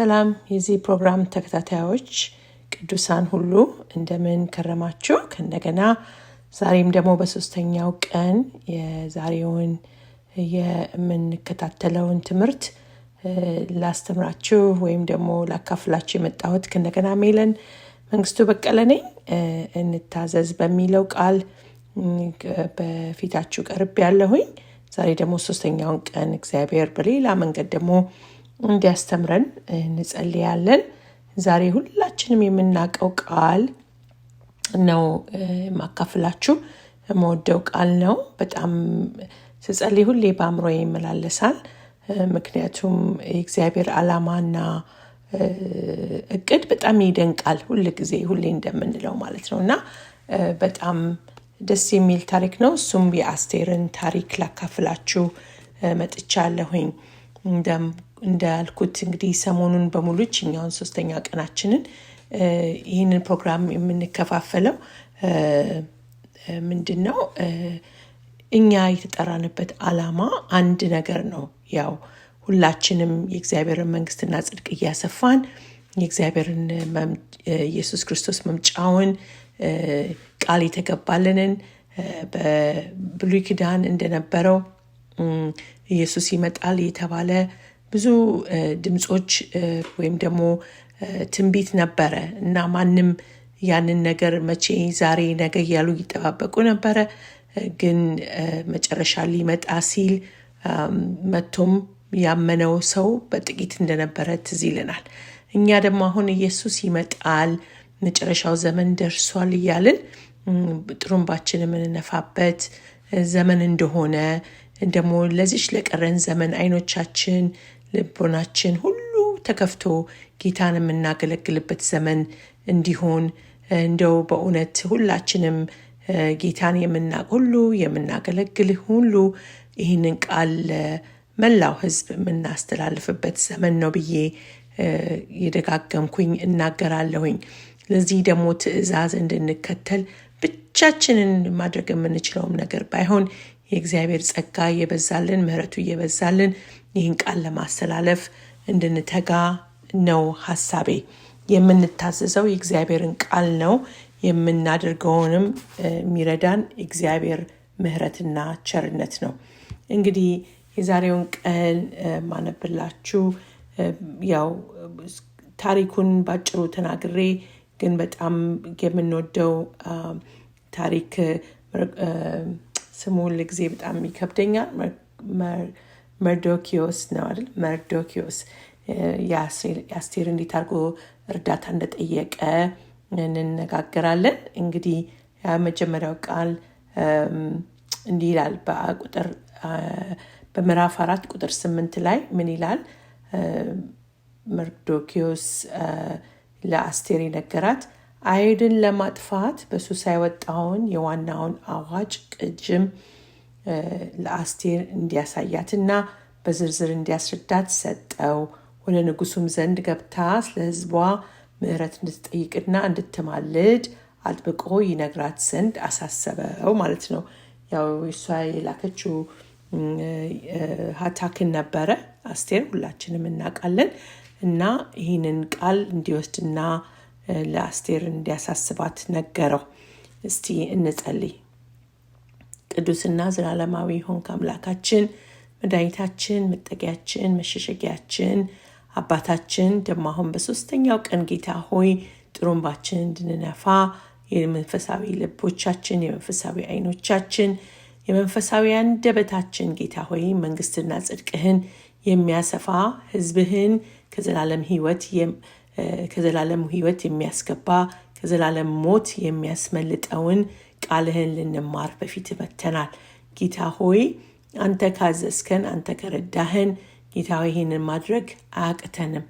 ሰላም የዚህ ፕሮግራም ተከታታዮች ቅዱሳን ሁሉ እንደምን ከረማችሁ? ከእንደገና ዛሬም ደግሞ በሶስተኛው ቀን የዛሬውን የምንከታተለውን ትምህርት ላስተምራችሁ ወይም ደግሞ ላካፍላችሁ የመጣሁት ከእንደገና ሜለን መንግስቱ በቀለ ነኝ። እንታዘዝ በሚለው ቃል በፊታችሁ ቀርብ ያለሁኝ። ዛሬ ደግሞ ሶስተኛውን ቀን እግዚአብሔር በሌላ መንገድ ደግሞ እንዲያስተምረን እንጸልያለን። ዛሬ ሁላችንም የምናውቀው ቃል ነው የማካፍላችሁ። የምወደው ቃል ነው። በጣም ስጸልይ ሁሌ በአእምሮ ይመላለሳል። ምክንያቱም የእግዚአብሔር ዓላማና እቅድ በጣም ይደንቃል። ሁል ጊዜ ሁሌ እንደምንለው ማለት ነው እና በጣም ደስ የሚል ታሪክ ነው። እሱም የአስቴርን ታሪክ ላካፍላችሁ መጥቻለሁኝ። እንዳልኩት እንግዲህ ሰሞኑን በሙሉ ችኛውን ሶስተኛ ቀናችንን ይህንን ፕሮግራም የምንከፋፈለው ምንድን ነው? እኛ የተጠራንበት አላማ አንድ ነገር ነው። ያው ሁላችንም የእግዚአብሔርን መንግስትና ጽድቅ እያሰፋን የእግዚአብሔርን ኢየሱስ ክርስቶስ መምጫውን ቃል የተገባልንን በብሉይ ኪዳን እንደነበረው ኢየሱስ ይመጣል የተባለ ብዙ ድምፆች ወይም ደግሞ ትንቢት ነበረ እና ማንም ያንን ነገር መቼ ዛሬ ነገ እያሉ ይጠባበቁ ነበረ። ግን መጨረሻ ሊመጣ ሲል መቶም ያመነው ሰው በጥቂት እንደነበረ ትዝ ይለናል። እኛ ደግሞ አሁን ኢየሱስ ይመጣል፣ መጨረሻው ዘመን ደርሷል እያልን ጥሩምባችን የምንነፋበት ዘመን እንደሆነ ደግሞ ለዚች ለቀረን ዘመን አይኖቻችን ልቦናችን ሁሉ ተከፍቶ ጌታን የምናገለግልበት ዘመን እንዲሆን እንደው በእውነት ሁላችንም ጌታን የምናቅ ሁሉ የምናገለግል ሁሉ ይህንን ቃል ለመላው ህዝብ የምናስተላልፍበት ዘመን ነው ብዬ የደጋገምኩኝ እናገራለሁኝ። ለዚህ ደግሞ ትዕዛዝ እንድንከተል ብቻችንን ማድረግ የምንችለውም ነገር ባይሆን የእግዚአብሔር ጸጋ እየበዛልን ምህረቱ እየበዛልን ይህን ቃል ለማስተላለፍ እንድንተጋ ነው ሀሳቤ። የምንታዘዘው የእግዚአብሔርን ቃል ነው። የምናደርገውንም የሚረዳን እግዚአብሔር ምህረትና ቸርነት ነው። እንግዲህ የዛሬውን ቀን ማነብላችሁ ያው ታሪኩን ባጭሩ ተናግሬ ግን በጣም የምንወደው ታሪክ ስሙን ሁል ጊዜ በጣም ይከብደኛል። መርዶኪዮስ ነው አይደል? መርዶኪዮስ የአስቴር እንዴት አድርጎ እርዳታ እንደጠየቀ እንነጋገራለን። እንግዲህ የመጀመሪያው ቃል እንዲህ ይላል በቁጥር በምዕራፍ አራት ቁጥር ስምንት ላይ ምን ይላል? መርዶኪዮስ ለአስቴር ነገራት። አይሁድን ለማጥፋት በሱሳ የወጣውን የዋናውን አዋጅ ቅጅም ለአስቴር እንዲያሳያትና በዝርዝር እንዲያስረዳት ሰጠው። ወደ ንጉሱም ዘንድ ገብታ ስለ ሕዝቧ ምሕረት እንድትጠይቅና እንድትማልድ አጥብቆ ይነግራት ዘንድ አሳሰበው ማለት ነው። ያው እሷ የላከችው ሀታክን ነበረ አስቴር፣ ሁላችንም እናውቃለን። እና ይህንን ቃል እንዲወስድና ለአስቴር እንዲያሳስባት ነገረው። እስቲ እንጸልይ። ቅዱስና ዘላለማዊ ሆንክ አምላካችን መድኃኒታችን፣ መጠጊያችን፣ መሸሸጊያችን፣ አባታችን ደግሞ አሁን በሶስተኛው ቀን ጌታ ሆይ ጥሩምባችን እንድንነፋ የመንፈሳዊ ልቦቻችን፣ የመንፈሳዊ አይኖቻችን የመንፈሳዊ አንደበታችን ጌታ ሆይ መንግስትና ጽድቅህን የሚያሰፋ ህዝብህን ከዘላለም ህይወት ከዘላለም የሚያስገባ ከዘላለም ሞት የሚያስመልጠውን ቃልህን ልንማር በፊት መተናል። ጌታ ሆይ አንተ ካዘዝከን፣ አንተ ከረዳህን ጌታ ሆይ ይህንን ማድረግ አያቅተንም።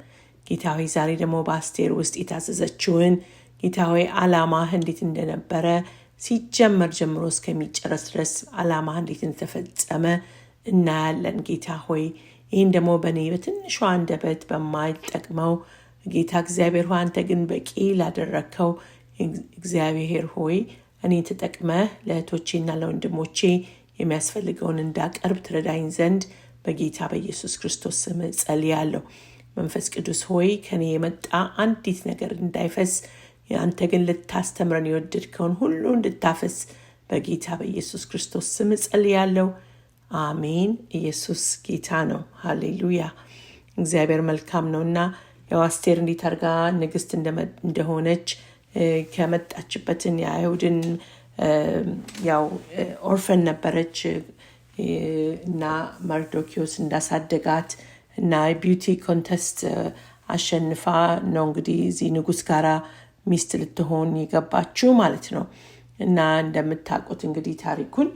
ጌታ ሆይ ዛሬ ደግሞ በአስቴር ውስጥ የታዘዘችውን ጌታ ሆይ እንዴት እንደነበረ ሲጀመር ጀምሮ እስከሚጨረስ ድረስ አላማ እንዴት እንደተፈጸመ እናያለን። ጌታ ሆይ ይህን ደግሞ በእኔ በትንሿ አንደበት በማይጠቅመው ጌታ እግዚአብሔር ሆይ አንተ ግን በቂ ላደረግከው እግዚአብሔር ሆይ እኔ ተጠቅመ ለእህቶቼና ለወንድሞቼ የሚያስፈልገውን እንዳቀርብ ትረዳኝ ዘንድ በጌታ በኢየሱስ ክርስቶስ ስም ጸልያለሁ። መንፈስ ቅዱስ ሆይ ከኔ የመጣ አንዲት ነገር እንዳይፈስ፣ አንተ ግን ልታስተምረን የወደድከውን ሁሉ እንድታፈስ በጌታ በኢየሱስ ክርስቶስ ስም ጸልያለሁ። አሜን። ኢየሱስ ጌታ ነው። ሃሌሉያ። እግዚአብሔር መልካም ነውና ያው አስቴር እንዴት አድርጋ እንደሆነች ከመጣችበትን የአይሁድን ያው ኦርፈን ነበረች እና መርዶኪዮስ እንዳሳደጋት እና ቢዩቲ ኮንተስት አሸንፋ ነው እንግዲህ እዚህ ንጉስ ጋራ ሚስት ልትሆን የገባችው ማለት ነው። እና እንደምታውቁት እንግዲህ ታሪኩን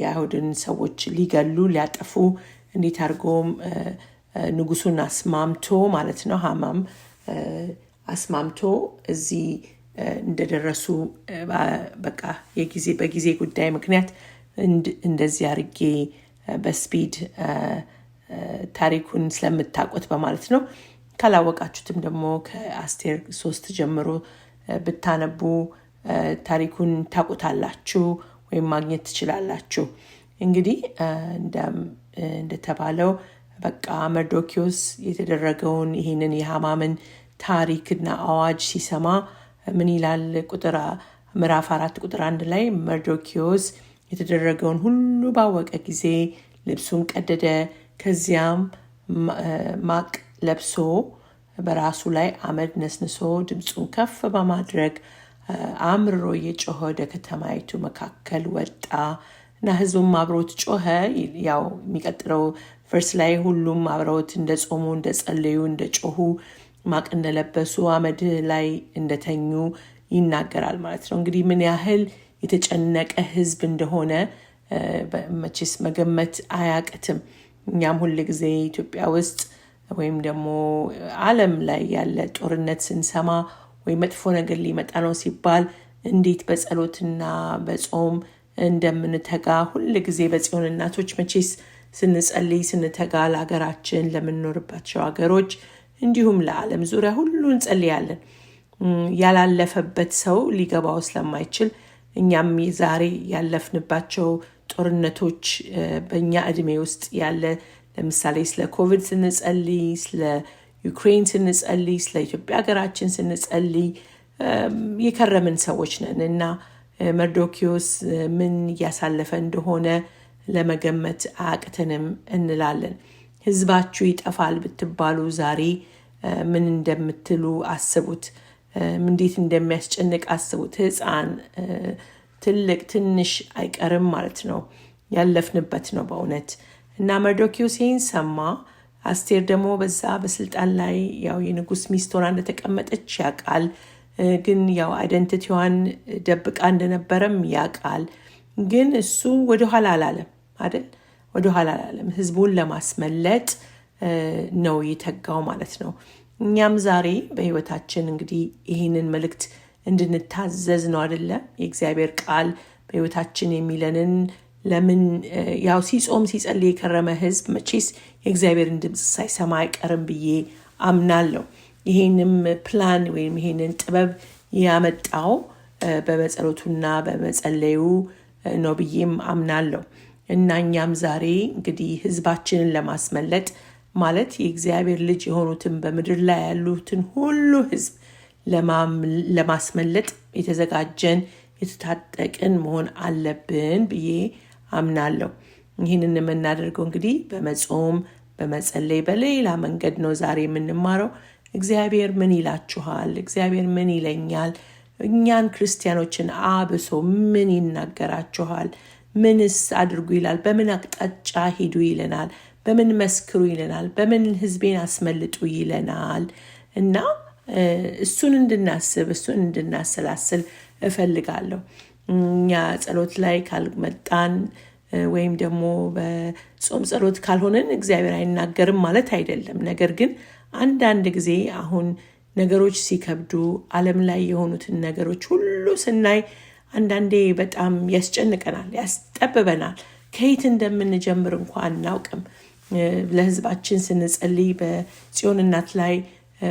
የአይሁድን ሰዎች ሊገሉ ሊያጠፉ እንዴት አድርጎም ንጉሱን አስማምቶ ማለት ነው ሀማም አስማምቶ እዚህ እንደደረሱ በቃ የጊዜ በጊዜ ጉዳይ ምክንያት እንደዚህ አርጌ በስፒድ ታሪኩን ስለምታውቁት በማለት ነው። ካላወቃችሁትም ደግሞ ከአስቴር ሶስት ጀምሮ ብታነቡ ታሪኩን ታውቁታላችሁ ወይም ማግኘት ትችላላችሁ። እንግዲህ እንደተባለው በቃ መርዶኪዎስ የተደረገውን ይህንን የሃማምን ታሪክና አዋጅ ሲሰማ ምን ይላል? ቁጥር ምዕራፍ አራት ቁጥር አንድ ላይ መርዶኪዎስ የተደረገውን ሁሉ ባወቀ ጊዜ ልብሱን ቀደደ፣ ከዚያም ማቅ ለብሶ በራሱ ላይ አመድ ነስንሶ ድምፁን ከፍ በማድረግ አምርሮ እየጮኸ ወደ ከተማይቱ መካከል ወጣ እና ህዝቡም አብሮት ጮኸ። ያው የሚቀጥለው ቨርስ ላይ ሁሉም አብረውት እንደ ጾሙ፣ እንደ ጸለዩ፣ እንደ ጮሁ ማቅ እንደለበሱ አመድ ላይ እንደተኙ ይናገራል ማለት ነው። እንግዲህ ምን ያህል የተጨነቀ ህዝብ እንደሆነ መቼስ መገመት አያቅትም። እኛም ሁል ጊዜ ኢትዮጵያ ውስጥ ወይም ደግሞ አለም ላይ ያለ ጦርነት ስንሰማ ወይም መጥፎ ነገር ሊመጣ ነው ሲባል እንዴት በጸሎትና በጾም እንደምንተጋ ሁል ጊዜ በጽዮን እናቶች መቼስ ስንጸልይ ስንተጋ ለሀገራችን፣ ለምንኖርባቸው ሀገሮች እንዲሁም ለዓለም ዙሪያ ሁሉ እንጸልያለን። ያላለፈበት ሰው ሊገባው ስለማይችል እኛም ዛሬ ያለፍንባቸው ጦርነቶች በእኛ እድሜ ውስጥ ያለ ለምሳሌ ስለ ኮቪድ ስንጸልይ፣ ስለ ዩክሬን ስንጸልይ፣ ስለ ኢትዮጵያ ሀገራችን ስንጸልይ የከረምን ሰዎች ነን እና መርዶኪዎስ ምን እያሳለፈ እንደሆነ ለመገመት አያቅተንም እንላለን። ህዝባችሁ ይጠፋል ብትባሉ ዛሬ ምን እንደምትሉ አስቡት። እንዴት እንደሚያስጨንቅ አስቡት። ህፃን፣ ትልቅ፣ ትንሽ አይቀርም ማለት ነው። ያለፍንበት ነው በእውነት እና መርዶኪዮስ ይህን ሰማ። አስቴር ደግሞ በዛ በስልጣን ላይ ያው የንጉስ ሚስት ሆና እንደተቀመጠች ያውቃል። ግን ያው አይደንቲቲዋን ደብቃ እንደነበረም ያውቃል። ግን እሱ ወደኋላ አላለም አይደል ወደኋላ አላለም። ህዝቡን ለማስመለጥ ነው የተጋው ማለት ነው። እኛም ዛሬ በህይወታችን እንግዲህ ይህንን መልእክት እንድንታዘዝ ነው አደለ? የእግዚአብሔር ቃል በህይወታችን የሚለንን ለምን ያው ሲጾም ሲጸልይ የከረመ ህዝብ መቼስ የእግዚአብሔርን ድምፅ ሳይሰማ አይቀርም ብዬ አምናለሁ። ይህንም ፕላን ወይም ይህንን ጥበብ ያመጣው በመጸሎቱና በመጸለዩ ነው ብዬም አምናለሁ። እና እኛም ዛሬ እንግዲህ ህዝባችንን ለማስመለጥ ማለት የእግዚአብሔር ልጅ የሆኑትን በምድር ላይ ያሉትን ሁሉ ህዝብ ለማስመለጥ የተዘጋጀን የተታጠቅን መሆን አለብን ብዬ አምናለሁ። ይህንን የምናደርገው እንግዲህ በመጾም በመጸለይ፣ በሌላ መንገድ ነው ዛሬ የምንማረው። እግዚአብሔር ምን ይላችኋል? እግዚአብሔር ምን ይለኛል? እኛን ክርስቲያኖችን አብሶ ምን ይናገራችኋል? ምንስ አድርጉ ይላል? በምን አቅጣጫ ሂዱ ይለናል? በምን መስክሩ ይለናል? በምን ህዝቤን አስመልጡ ይለናል? እና እሱን እንድናስብ እሱን እንድናሰላስል እፈልጋለሁ። እኛ ጸሎት ላይ ካልመጣን ወይም ደግሞ በጾም ጸሎት ካልሆነን እግዚአብሔር አይናገርም ማለት አይደለም። ነገር ግን አንዳንድ ጊዜ አሁን ነገሮች ሲከብዱ ዓለም ላይ የሆኑትን ነገሮች ሁሉ ስናይ አንዳንዴ በጣም ያስጨንቀናል፣ ያስጠብበናል። ከየት እንደምንጀምር እንኳ አናውቅም። ለህዝባችን ስንጸልይ በጽዮን እናት ላይ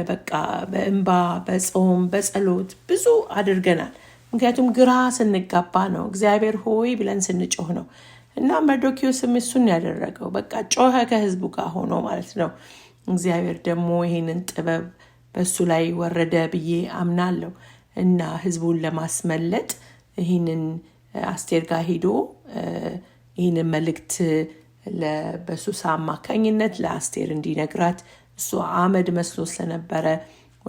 በቃ በእንባ በጾም በጸሎት ብዙ አድርገናል። ምክንያቱም ግራ ስንጋባ ነው፣ እግዚአብሔር ሆይ ብለን ስንጮህ ነው። እና መርዶኪዎስም እሱን ያደረገው በቃ ጮኸ፣ ከህዝቡ ጋር ሆኖ ማለት ነው። እግዚአብሔር ደግሞ ይህንን ጥበብ በእሱ ላይ ወረደ ብዬ አምናለሁ እና ህዝቡን ለማስመለጥ ይህንን አስቴር ጋር ሄዶ ይህንን መልእክት በሱሳ አማካኝነት ለአስቴር እንዲነግራት እሱ አመድ መስሎ ስለነበረ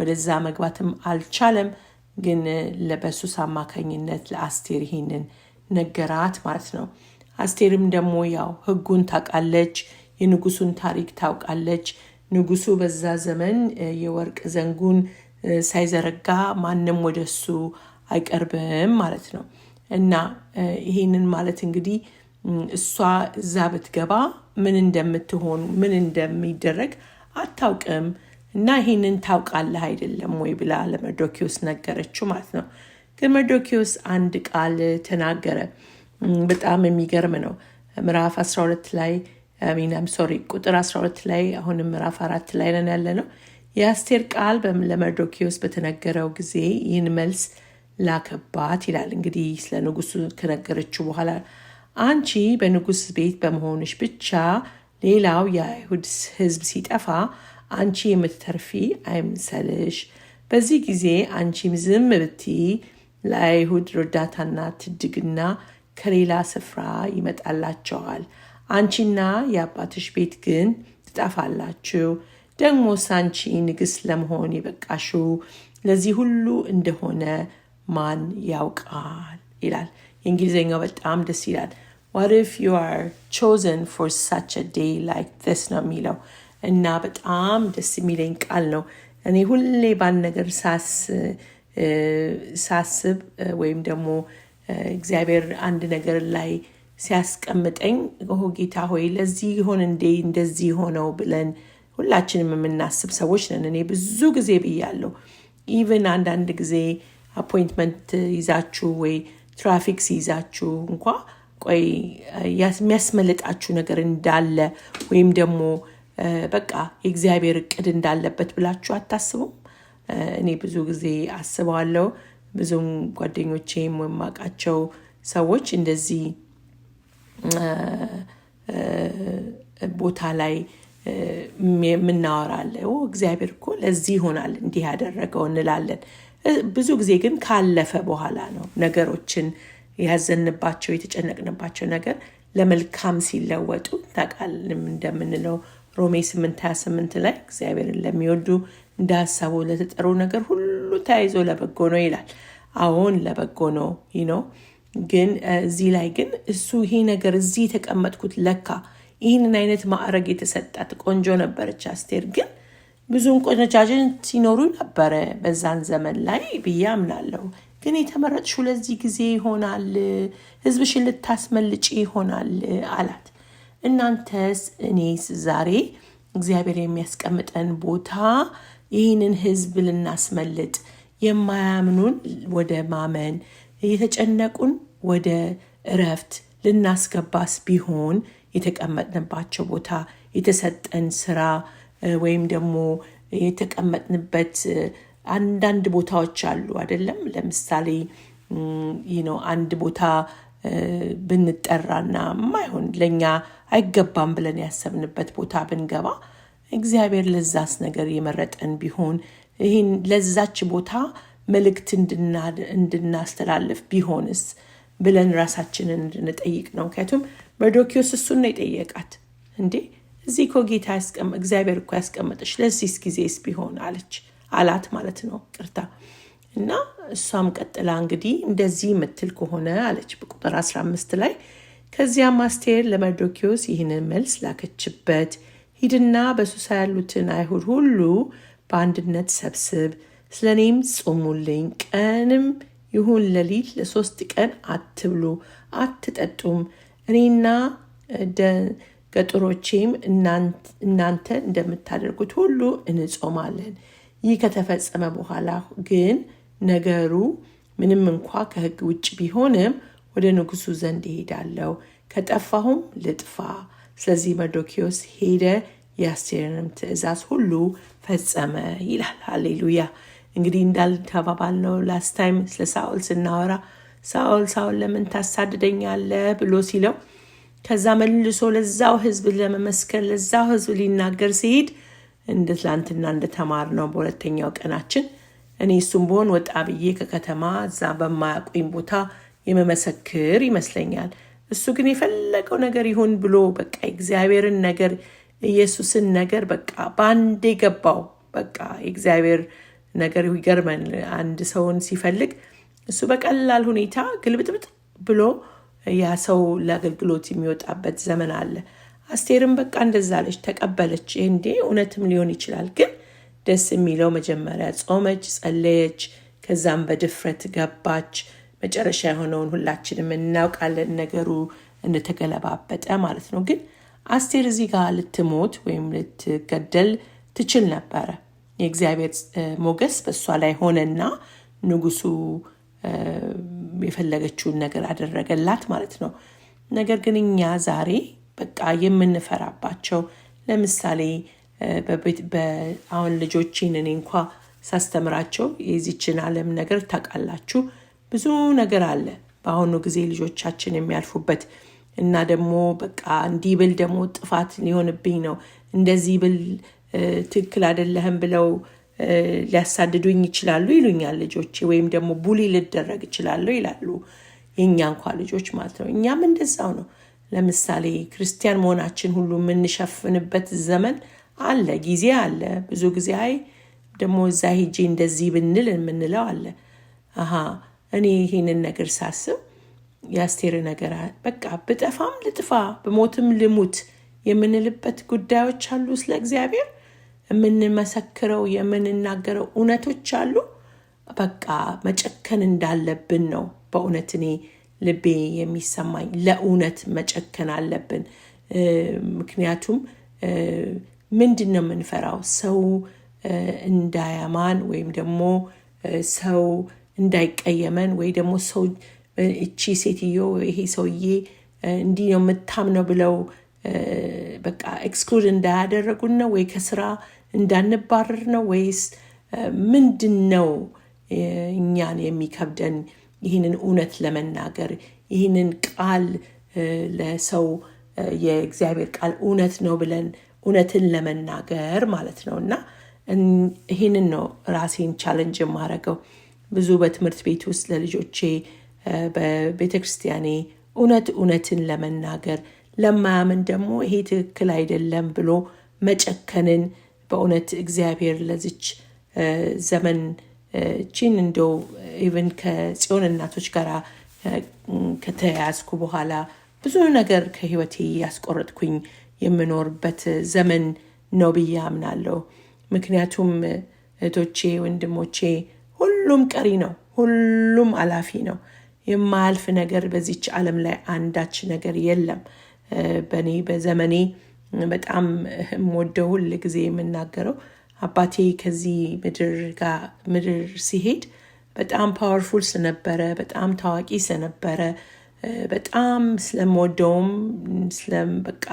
ወደዛ መግባትም አልቻለም። ግን በሱሳ አማካኝነት ለአስቴር ይህንን ነገራት ማለት ነው። አስቴርም ደግሞ ያው ህጉን ታውቃለች፣ የንጉሱን ታሪክ ታውቃለች። ንጉሱ በዛ ዘመን የወርቅ ዘንጉን ሳይዘረጋ ማንም ወደሱ አይቀርብም ማለት ነው እና ይሄንን ማለት እንግዲህ እሷ እዛ ብትገባ ምን እንደምትሆን ምን እንደሚደረግ አታውቅም እና ይሄንን ታውቃለህ አይደለም ወይ ብላ ለመርዶኪዎስ ነገረችው ማለት ነው። ግን መርዶኪዎስ አንድ ቃል ተናገረ። በጣም የሚገርም ነው። ምዕራፍ 12 ላይ ሚናም ሶሪ ቁጥር 12 ላይ አሁንም ምዕራፍ አራት ላይ ነን ያለ ነው። የአስቴር ቃል ለመርዶኪዎስ በተነገረው ጊዜ ይህን መልስ ላከባት ይላል። እንግዲህ ስለ ንጉሱ ከነገረችው በኋላ አንቺ በንጉስ ቤት በመሆንሽ ብቻ ሌላው የአይሁድ ህዝብ ሲጠፋ አንቺ የምትተርፊ አይምሰልሽ። በዚህ ጊዜ አንቺም ዝም ብቲ ለአይሁድ እርዳታና ትድግና ከሌላ ስፍራ ይመጣላቸዋል። አንቺና የአባትሽ ቤት ግን ትጠፋላችሁ። ደግሞስ አንቺ ንግሥት ለመሆን የበቃሽው ለዚህ ሁሉ እንደሆነ ማን ያውቃል ይላል። የእንግሊዝኛው በጣም ደስ ይላል። ዋት ኢፍ ዩ አር ቾዘን ፎር ሳች ዴይ ላይክ ዚስ ነው የሚለው እና በጣም ደስ የሚለኝ ቃል ነው። እኔ ሁሌ ባን ነገር ሳስብ ወይም ደግሞ እግዚአብሔር አንድ ነገር ላይ ሲያስቀምጠኝ ሆ ጌታ ሆይ ለዚህ ይሆን እንዴ እንደዚህ ሆነው ብለን ሁላችንም የምናስብ ሰዎች ነን። እኔ ብዙ ጊዜ ብያለሁ። ኢቨን አንዳንድ ጊዜ አፖይንትመንት ይዛችሁ ወይ ትራፊክ ሲይዛችሁ እንኳ ቆይ የሚያስመልጣችሁ ነገር እንዳለ ወይም ደግሞ በቃ የእግዚአብሔር እቅድ እንዳለበት ብላችሁ አታስቡም? እኔ ብዙ ጊዜ አስበዋለሁ። ብዙም ጓደኞቼም የማውቃቸው ሰዎች እንደዚህ ቦታ ላይ የምናወራለው እግዚአብሔር እኮ ለዚህ ይሆናል እንዲህ ያደረገው እንላለን። ብዙ ጊዜ ግን ካለፈ በኋላ ነው ነገሮችን ያዘንባቸው የተጨነቅንባቸው ነገር ለመልካም ሲለወጡ ታቃል እንደምንለው ሮሜ 828 ላይ እግዚአብሔርን ለሚወዱ እንደ ሀሳቡ ለተጠሩ ነገር ሁሉ ተያይዞ ለበጎ ነው ይላል። አሁን ለበጎ ነው ነው። ግን እዚህ ላይ ግን እሱ ይሄ ነገር እዚህ የተቀመጥኩት ለካ ይህንን አይነት ማዕረግ የተሰጣት ቆንጆ ነበረች አስቴር ግን ብዙ እንቆነጃጀን ሲኖሩ ነበረ በዛን ዘመን ላይ ብዬ አምናለሁ። ግን የተመረጥሹ ለዚህ ጊዜ ይሆናል፣ ህዝብሽን ልታስመልጭ ይሆናል አላት። እናንተስ እኔስ ዛሬ እግዚአብሔር የሚያስቀምጠን ቦታ ይህንን ህዝብ ልናስመልጥ የማያምኑን ወደ ማመን የተጨነቁን ወደ እረፍት ልናስገባስ ቢሆን የተቀመጥንባቸው ቦታ የተሰጠን ስራ ወይም ደግሞ የተቀመጥንበት አንዳንድ ቦታዎች አሉ አይደለም። ለምሳሌ ይነው አንድ ቦታ ብንጠራና ማይሆን ለእኛ አይገባም ብለን ያሰብንበት ቦታ ብንገባ እግዚአብሔር ለዛስ ነገር የመረጠን ቢሆን ይህን ለዛች ቦታ መልእክት እንድናስተላልፍ ቢሆንስ ብለን ራሳችንን እንድንጠይቅ ነው። ምክንያቱም መርዶኪዎስ እሱን ነው የጠየቃት እንዴ እዚህ እኮ ጌታ እግዚአብሔር እኮ ያስቀመጠች ለዚህስ ጊዜስ ቢሆን አለች አላት ማለት ነው። ቅርታ እና እሷም ቀጥላ እንግዲህ እንደዚህ የምትል ከሆነ አለች በቁጥር 15 ላይ ከዚያም አስቴር ለመርዶኪዎስ ይህንን መልስ ላከችበት። ሂድና በሱሳ ያሉትን አይሁድ ሁሉ በአንድነት ሰብስብ፣ ስለ እኔም ጾሙልኝ። ቀንም ይሁን ለሊት ለሶስት ቀን አትብሉ አትጠጡም። እኔና ከጥሮቼም እናንተ እንደምታደርጉት ሁሉ እንጾማለን። ይህ ከተፈጸመ በኋላ ግን ነገሩ ምንም እንኳ ከሕግ ውጭ ቢሆንም ወደ ንጉሱ ዘንድ እሄዳለሁ፣ ከጠፋሁም ልጥፋ። ስለዚህ መርዶኪዎስ ሄደ፣ የአስቴርንም ትእዛዝ ሁሉ ፈጸመ ይላል። ሃሌሉያ። እንግዲህ እንዳልተባባል ነው ላስት ታይም ስለ ሳኦል ስናወራ ሳኦል ሳኦል ለምን ታሳድደኛለህ ብሎ ሲለው ከዛ መልሶ ለዛው ህዝብ ለመመስከር ለዛው ህዝብ ሊናገር ሲሄድ እንደ ትላንትና እንደተማር ነው። በሁለተኛው ቀናችን እኔ እሱም በሆን ወጣ ብዬ ከከተማ እዛ በማያውቁኝ ቦታ የመመሰክር ይመስለኛል። እሱ ግን የፈለገው ነገር ይሁን ብሎ በቃ እግዚአብሔርን ነገር ኢየሱስን ነገር በቃ በአንዴ ገባው። በቃ የእግዚአብሔር ነገር ይገርመን። አንድ ሰውን ሲፈልግ እሱ በቀላል ሁኔታ ግልብጥብጥ ብሎ ያ ሰው ለአገልግሎት የሚወጣበት ዘመን አለ። አስቴርም በቃ እንደዛ አለች፣ ተቀበለች። እንዴ እውነትም ሊሆን ይችላል። ግን ደስ የሚለው መጀመሪያ ጾመች፣ ጸለየች፣ ከዛም በድፍረት ገባች። መጨረሻ የሆነውን ሁላችንም እናውቃለን። ነገሩ እንደተገለባበጠ ማለት ነው። ግን አስቴር እዚህ ጋር ልትሞት ወይም ልትገደል ትችል ነበረ። የእግዚአብሔር ሞገስ በእሷ ላይ ሆነና ንጉሱ የፈለገችውን ነገር አደረገላት ማለት ነው። ነገር ግን እኛ ዛሬ በቃ የምንፈራባቸው ለምሳሌ አሁን ልጆችን እኔ እንኳ ሳስተምራቸው የዚችን ዓለም ነገር ታውቃላችሁ፣ ብዙ ነገር አለ በአሁኑ ጊዜ ልጆቻችን የሚያልፉበት እና ደግሞ በቃ እንዲህ ብል ደግሞ ጥፋት ሊሆንብኝ ነው እንደዚህ ብል ትክክል አይደለህም ብለው ሊያሳድዱኝ ይችላሉ ይሉኛል ልጆቼ፣ ወይም ደግሞ ቡሊ ልደረግ ይችላሉ ይላሉ የእኛ እንኳ ልጆች ማለት ነው። እኛም እንደዛው ነው። ለምሳሌ ክርስቲያን መሆናችን ሁሉ የምንሸፍንበት ዘመን አለ፣ ጊዜ አለ። ብዙ ጊዜ አይ ደግሞ እዛ ሄጄ እንደዚህ ብንል የምንለው አለ። አሀ እኔ ይሄንን ነገር ሳስብ የአስቴር ነገር በቃ ብጠፋም ልጥፋ ብሞትም ልሙት የምንልበት ጉዳዮች አሉ ስለ እግዚአብሔር የምንመሰክረው የምንናገረው እውነቶች አሉ። በቃ መጨከን እንዳለብን ነው በእውነት እኔ ልቤ የሚሰማኝ ለእውነት መጨከን አለብን። ምክንያቱም ምንድን ነው የምንፈራው? ሰው እንዳያማን ወይም ደግሞ ሰው እንዳይቀየመን ወይ ደግሞ ሰው እቺ ሴትዮ ይሄ ሰውዬ እንዲህ ነው የምታምነው ብለው በቃ ኤክስክሉድ እንዳያደረጉን ነው ወይ ከስራ እንዳንባረር ነው ወይስ ምንድን ነው እኛን የሚከብደን? ይህንን እውነት ለመናገር ይህንን ቃል ለሰው የእግዚአብሔር ቃል እውነት ነው ብለን እውነትን ለመናገር ማለት ነው። እና ይህንን ነው ራሴን ቻለንጅ የማረገው ብዙ በትምህርት ቤት ውስጥ ለልጆቼ በቤተ ክርስቲያኔ እውነት እውነትን ለመናገር ለማያምን ደግሞ ይሄ ትክክል አይደለም ብሎ መጨከንን በእውነት እግዚአብሔር ለዚች ዘመን ቺን እንደው ኢቨን ከጽዮን እናቶች ጋር ከተያያዝኩ በኋላ ብዙ ነገር ከህይወቴ ያስቆረጥኩኝ የምኖርበት ዘመን ነው ብዬ አምናለሁ። ምክንያቱም እህቶቼ፣ ወንድሞቼ ሁሉም ቀሪ ነው፣ ሁሉም አላፊ ነው። የማያልፍ ነገር በዚች ዓለም ላይ አንዳች ነገር የለም። በእኔ በዘመኔ በጣም የምወደው ሁል ጊዜ የምናገረው አባቴ ከዚህ ምድር ጋር ምድር ሲሄድ በጣም ፓወርፉል ስነበረ በጣም ታዋቂ ስነበረ በጣም ስለምወደውም ስለም በቃ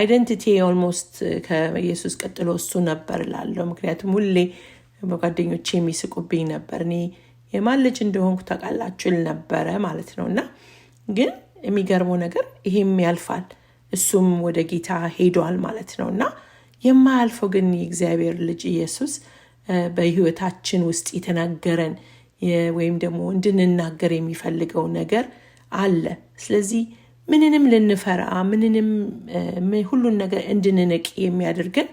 አይደንቲቲ ኦልሞስት ከኢየሱስ ቀጥሎ እሱ ነበር ላለው። ምክንያቱም ሁሌ በጓደኞቼ የሚስቁብኝ ነበር። እኔ የማን ልጅ እንደሆንኩ ታውቃላችሁ ነበረ ማለት ነው። እና ግን የሚገርመው ነገር ይሄም ያልፋል እሱም ወደ ጌታ ሄዷል ማለት ነው እና የማያልፈው ግን የእግዚአብሔር ልጅ ኢየሱስ በህይወታችን ውስጥ የተናገረን ወይም ደግሞ እንድንናገር የሚፈልገው ነገር አለ። ስለዚህ ምንንም ልንፈራ ምንንም ሁሉን ነገር እንድንንቅ የሚያደርገን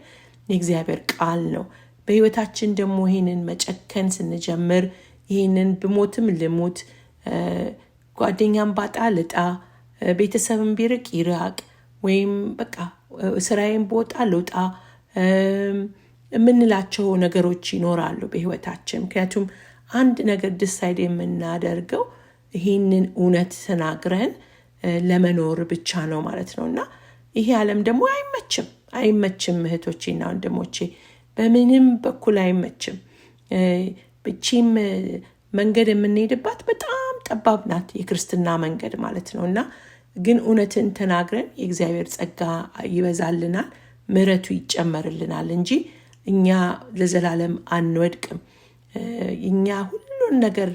የእግዚአብሔር ቃል ነው። በህይወታችን ደግሞ ይህንን መጨከን ስንጀምር ይህንን ብሞትም ልሙት፣ ጓደኛም ባጣ ልጣ፣ ቤተሰብም ቢርቅ ይራቅ ወይም በቃ ስራዬን በወጣ ልውጣ የምንላቸው ነገሮች ይኖራሉ በህይወታችን። ምክንያቱም አንድ ነገር ዲሳይድ የምናደርገው ይህንን እውነት ተናግረን ለመኖር ብቻ ነው ማለት ነው። እና ይሄ ዓለም ደግሞ አይመችም አይመችም ና ወንድሞቼ፣ በምንም በኩል አይመችም። ብቺም መንገድ የምንሄድባት በጣም ጠባብ ናት፣ የክርስትና መንገድ ማለት ነው እና ግን እውነትን ተናግረን የእግዚአብሔር ጸጋ ይበዛልናል፣ ምሕረቱ ይጨመርልናል እንጂ እኛ ለዘላለም አንወድቅም። እኛ ሁሉን ነገር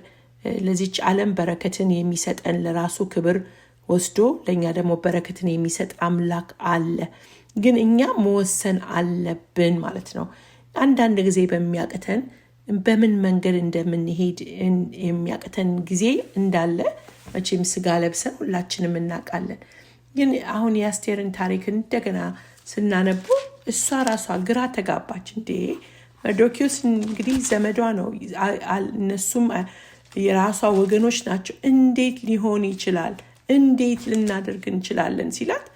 ለዚች ዓለም በረከትን የሚሰጠን ለራሱ ክብር ወስዶ ለእኛ ደግሞ በረከትን የሚሰጥ አምላክ አለ። ግን እኛ መወሰን አለብን ማለት ነው። አንዳንድ ጊዜ በሚያቅተን በምን መንገድ እንደምንሄድ የሚያቅተን ጊዜ እንዳለ መቼም ስጋ ለብሰን ሁላችንም እናውቃለን። ግን አሁን የአስቴርን ታሪክ እንደገና ስናነቡ እሷ ራሷ ግራ ተጋባች። እንዴ መርዶኪዎስ እንግዲህ ዘመዷ ነው፣ እነሱም የራሷ ወገኖች ናቸው። እንዴት ሊሆን ይችላል? እንዴት ልናደርግ እንችላለን? ሲላት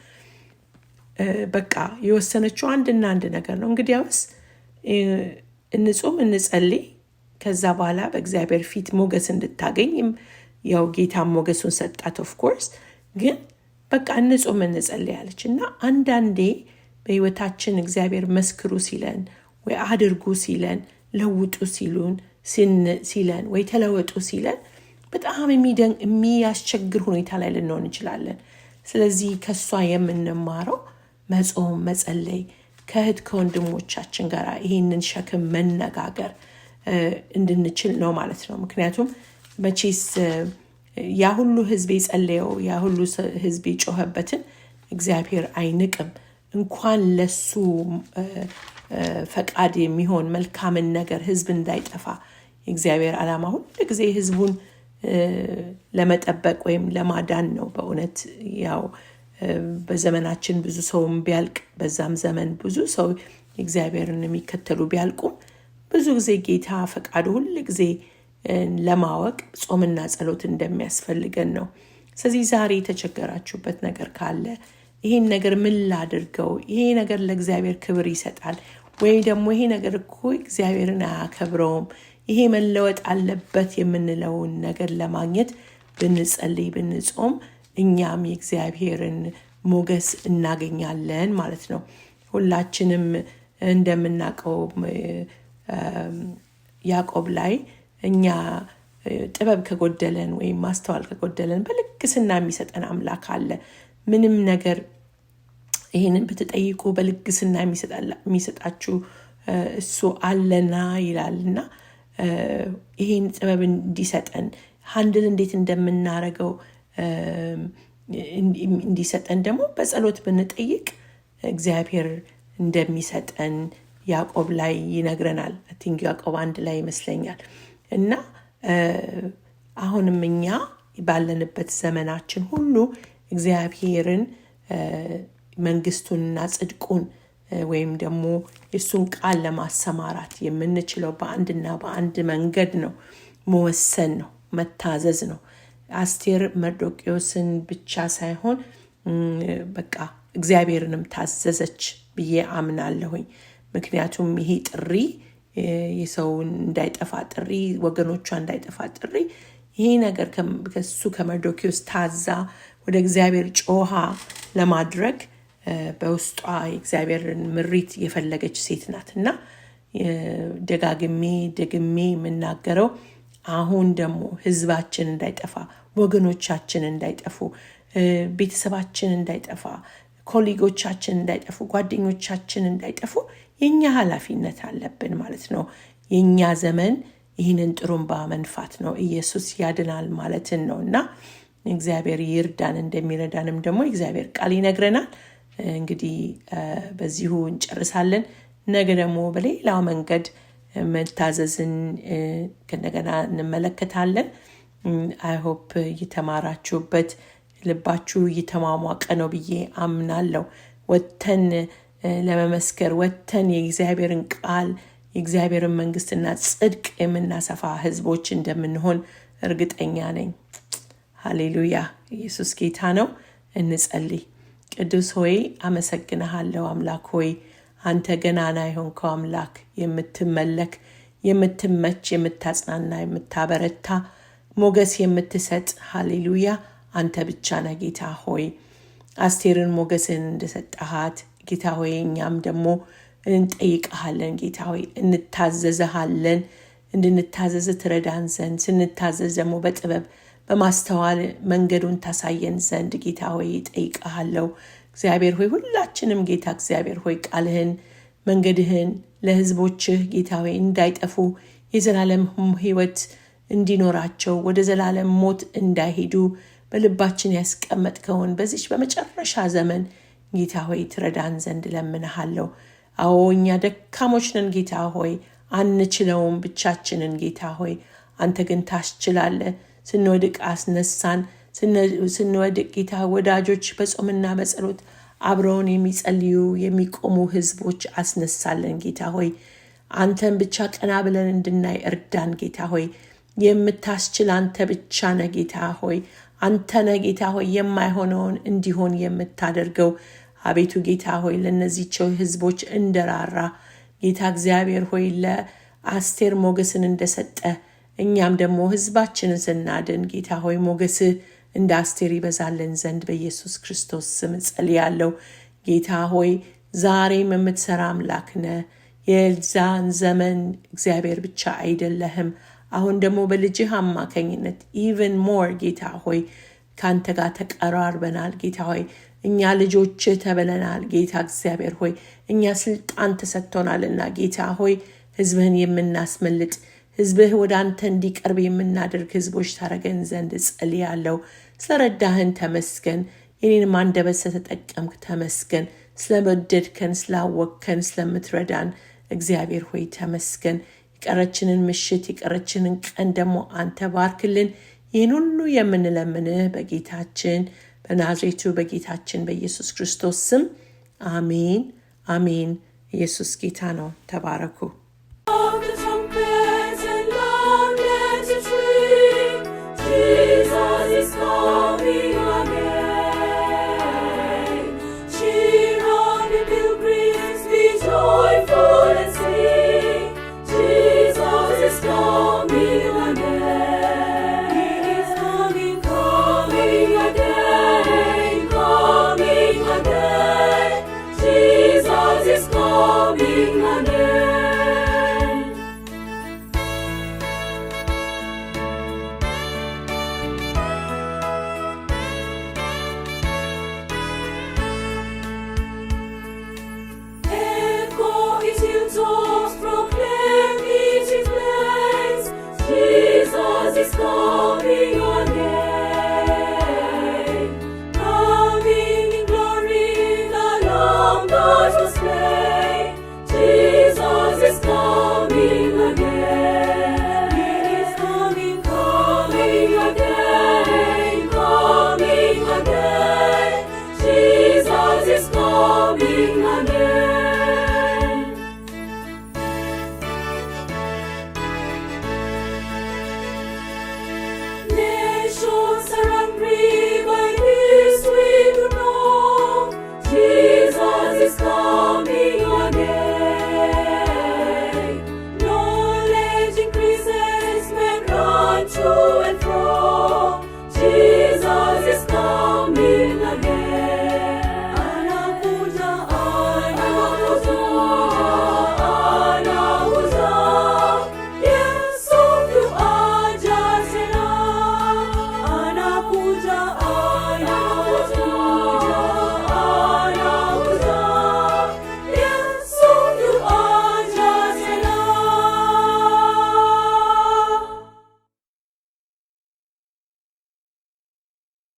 በቃ የወሰነችው አንድና አንድ ነገር ነው እንግዲያውስ እንጹም፣ እንጸልይ። ከዛ በኋላ በእግዚአብሔር ፊት ሞገስ እንድታገኝ ያው ጌታ ሞገሱን ሰጣት። ኦፍኮርስ ግን በቃ እንጹም፣ እንጸልይ አለች እና አንዳንዴ በህይወታችን እግዚአብሔር መስክሩ ሲለን ወይ አድርጉ ሲለን ለውጡ ሲሉን ሲለን ወይ ተለወጡ ሲለን በጣም የሚደን የሚያስቸግር ሁኔታ ላይ ልንሆን እንችላለን። ስለዚህ ከእሷ የምንማረው መጾም፣ መጸለይ ከእህት ከወንድሞቻችን ጋር ይህንን ሸክም መነጋገር እንድንችል ነው ማለት ነው። ምክንያቱም መቼስ ያ ሁሉ ህዝብ የጸለየው ያ ሁሉ ህዝብ የጮኸበትን እግዚአብሔር አይንቅም። እንኳን ለሱ ፈቃድ የሚሆን መልካምን ነገር ህዝብ እንዳይጠፋ የእግዚአብሔር ዓላማ ሁሉ ጊዜ ህዝቡን ለመጠበቅ ወይም ለማዳን ነው። በእውነት ያው በዘመናችን ብዙ ሰውም ቢያልቅ በዛም ዘመን ብዙ ሰው እግዚአብሔርን የሚከተሉ ቢያልቁም ብዙ ጊዜ ጌታ ፈቃዱ ሁል ጊዜ ለማወቅ ጾምና ጸሎት እንደሚያስፈልገን ነው። ስለዚህ ዛሬ የተቸገራችሁበት ነገር ካለ ይሄን ነገር ምን ላድርገው፣ ይሄ ነገር ለእግዚአብሔር ክብር ይሰጣል ወይ ደግሞ ይሄ ነገር እኮ እግዚአብሔርን አያከብረውም፣ ይሄ መለወጥ አለበት የምንለውን ነገር ለማግኘት ብንጸልይ ብንጾም እኛም የእግዚአብሔርን ሞገስ እናገኛለን ማለት ነው። ሁላችንም እንደምናውቀው ያዕቆብ ላይ እኛ ጥበብ ከጎደለን ወይም ማስተዋል ከጎደለን በልግስና የሚሰጠን አምላክ አለ። ምንም ነገር ይህንን ብትጠይቁ በልግስና የሚሰጣችሁ እሱ አለና ይላል ይህን ጥበብ እንዲሰጠን ሀንድል እንዴት እንደምናረገው እንዲሰጠን ደግሞ በጸሎት ብንጠይቅ እግዚአብሔር እንደሚሰጠን ያዕቆብ ላይ ይነግረናል። ቲንግ ያዕቆብ አንድ ላይ ይመስለኛል። እና አሁንም እኛ ባለንበት ዘመናችን ሁሉ እግዚአብሔርን መንግስቱንና ጽድቁን ወይም ደግሞ የእሱን ቃል ለማሰማራት የምንችለው በአንድና በአንድ መንገድ ነው። መወሰን ነው፣ መታዘዝ ነው። አስቴር መርዶኪዎስን ብቻ ሳይሆን በቃ እግዚአብሔርንም ታዘዘች ብዬ አምናለሁኝ። ምክንያቱም ይሄ ጥሪ የሰው እንዳይጠፋ ጥሪ፣ ወገኖቿ እንዳይጠፋ ጥሪ ይሄ ነገር ከሱ ከመርዶኪዎስ ታዛ ወደ እግዚአብሔር ጮሃ ለማድረግ በውስጧ የእግዚአብሔርን ምሪት የፈለገች ሴት ናት እና ደጋግሜ ደግሜ የምናገረው አሁን ደግሞ ህዝባችን እንዳይጠፋ፣ ወገኖቻችን እንዳይጠፉ፣ ቤተሰባችን እንዳይጠፋ፣ ኮሊጎቻችን እንዳይጠፉ፣ ጓደኞቻችን እንዳይጠፉ የእኛ ኃላፊነት አለብን ማለት ነው። የእኛ ዘመን ይህንን ጥሩምባ መንፋት ነው፣ ኢየሱስ ያድናል ማለትን ነው እና እግዚአብሔር ይርዳን። እንደሚረዳንም ደግሞ እግዚአብሔር ቃል ይነግረናል። እንግዲህ በዚሁ እንጨርሳለን። ነገ ደግሞ በሌላው መንገድ መታዘዝን እንደገና እንመለከታለን። አይሆፕ እየተማራችሁበት ልባችሁ እየተሟሟቀ ነው ብዬ አምናለሁ። ወተን ለመመስከር ወተን የእግዚአብሔርን ቃል የእግዚአብሔርን መንግስትና ጽድቅ የምናሰፋ ህዝቦች እንደምንሆን እርግጠኛ ነኝ። ሃሌሉያ! ኢየሱስ ጌታ ነው። እንጸልይ። ቅዱስ ሆይ አመሰግንሃለሁ። አምላክ ሆይ አንተ ገናና የሆንከው አምላክ የምትመለክ የምትመች፣ የምታጽናና፣ የምታበረታ፣ ሞገስ የምትሰጥ ሃሌሉያ፣ አንተ ብቻ ነህ ጌታ ሆይ። አስቴርን ሞገስን እንደሰጠሃት ጌታ ሆይ እኛም ደግሞ እንጠይቀሃለን ጌታ ሆይ እንታዘዘሃለን። እንድንታዘዝ ትረዳን ዘንድ ስንታዘዝ ደግሞ በጥበብ በማስተዋል መንገዱን ታሳየን ዘንድ ጌታ ሆይ ይጠይቀሃለው እግዚአብሔር ሆይ ሁላችንም ጌታ እግዚአብሔር ሆይ ቃልህን መንገድህን ለህዝቦችህ ጌታ ሆይ እንዳይጠፉ የዘላለም ህይወት እንዲኖራቸው ወደ ዘላለም ሞት እንዳይሄዱ በልባችን ያስቀመጥከውን በዚች በመጨረሻ ዘመን ጌታ ሆይ ትረዳን ዘንድ ለምንሃለሁ። አዎ እኛ ደካሞች ነን ጌታ ሆይ አንችለውም ብቻችንን ጌታ ሆይ አንተ ግን ታስችላለ ስንወድቅ አስነሳን። ስንወድቅ ጌታ ወዳጆች በጾምና በጸሎት አብረውን የሚጸልዩ የሚቆሙ ህዝቦች አስነሳለን። ጌታ ሆይ አንተን ብቻ ቀና ብለን እንድናይ እርዳን። ጌታ ሆይ የምታስችል አንተ ብቻ ነህ። ጌታ ሆይ አንተ ነህ። ጌታ ሆይ የማይሆነውን እንዲሆን የምታደርገው አቤቱ ጌታ ሆይ ለእነዚቸው ህዝቦች እንደራራ ጌታ እግዚአብሔር ሆይ ለአስቴር ሞገስን እንደሰጠ እኛም ደግሞ ህዝባችንን ስናድን ጌታ ሆይ ሞገስህ እንደ አስቴር ይበዛልን ዘንድ በኢየሱስ ክርስቶስ ስም ጸልያለሁ። ጌታ ሆይ ዛሬም የምትሰራ አምላክ ነ የዛን ዘመን እግዚአብሔር ብቻ አይደለህም። አሁን ደግሞ በልጅህ አማካኝነት ኢቨን ሞር ጌታ ሆይ ከአንተ ጋር ተቀራርበናል። ጌታ ሆይ እኛ ልጆች ተብለናል። ጌታ እግዚአብሔር ሆይ እኛ ስልጣን ተሰጥቶናልና ጌታ ሆይ ህዝብህን የምናስመልጥ ሕዝብህ ወደ አንተ እንዲቀርብ የምናደርግ ሕዝቦች ታረገን ዘንድ እጸልያለሁ። ስለረዳህን ተመስገን። የኔንም አንደበት ስለተጠቀምክ ተመስገን። ስለመደድከን፣ ስላወቅከን፣ ስለምትረዳን እግዚአብሔር ሆይ ተመስገን። የቀረችንን ምሽት የቀረችንን ቀን ደግሞ አንተ ባርክልን። ይህን ሁሉ የምንለምንህ በጌታችን በናዝሬቱ በጌታችን በኢየሱስ ክርስቶስ ስም አሜን አሜን። ኢየሱስ ጌታ ነው። ተባረኩ።